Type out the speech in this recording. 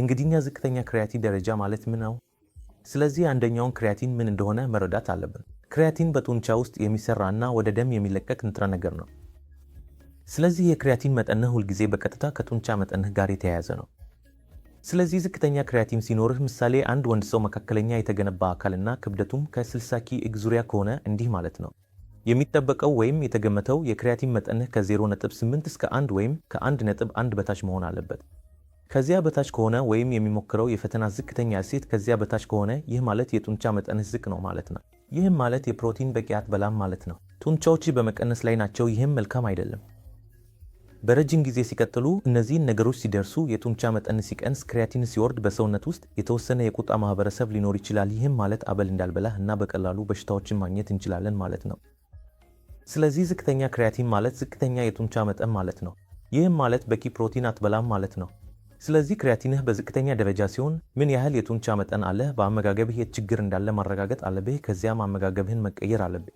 እንግዲህኛ ዝቅተኛ ክሪያቲን ደረጃ ማለት ምን ነው? ስለዚህ አንደኛውን ክሪያቲን ምን እንደሆነ መረዳት አለብን። ክሪያቲን በጡንቻ ውስጥ የሚሰራ እና ወደ ደም የሚለቀቅ ንጥረ ነገር ነው። ስለዚህ የክሪያቲን መጠንህ ሁልጊዜ በቀጥታ ከጡንቻ መጠንህ ጋር የተያያዘ ነው። ስለዚህ ዝቅተኛ ክሪያቲን ሲኖርህ፣ ምሳሌ አንድ ወንድ ሰው መካከለኛ የተገነባ አካልና ክብደቱም ከ60 ኪግ ዙሪያ ከሆነ እንዲህ ማለት ነው የሚጠበቀው ወይም የተገመተው የክሪያቲን መጠንህ ከ0.8 እስከ 1 ወይም ከ1.1 በታች መሆን አለበት። ከዚያ በታች ከሆነ ወይም የሚሞክረው የፈተና ዝቅተኛ እሴት ከዚያ በታች ከሆነ ይህ ማለት የጡንቻ መጠንህ ዝቅ ነው ማለት ነው። ይህም ማለት የፕሮቲን በቂ አትበላም ማለት ነው። ጡንቻዎች በመቀነስ ላይ ናቸው። ይህም መልካም አይደለም። በረጅም ጊዜ ሲቀጥሉ እነዚህን ነገሮች ሲደርሱ የጡንቻ መጠን ሲቀንስ፣ ክሪያቲን ሲወርድ በሰውነት ውስጥ የተወሰነ የቁጣ ማህበረሰብ ሊኖር ይችላል። ይህም ማለት አበል እንዳልበላህ እና በቀላሉ በሽታዎችን ማግኘት እንችላለን ማለት ነው። ስለዚህ ዝቅተኛ ክሪያቲን ማለት ዝቅተኛ የጡንቻ መጠን ማለት ነው። ይህም ማለት በቂ ፕሮቲን አትበላም ማለት ነው። ስለዚህ ክሪያቲንህ በዝቅተኛ ደረጃ ሲሆን ምን ያህል የጡንቻ መጠን አለህ፣ በአመጋገብህ የት ችግር እንዳለ ማረጋገጥ አለብህ። ከዚያም አመጋገብህን መቀየር አለብህ።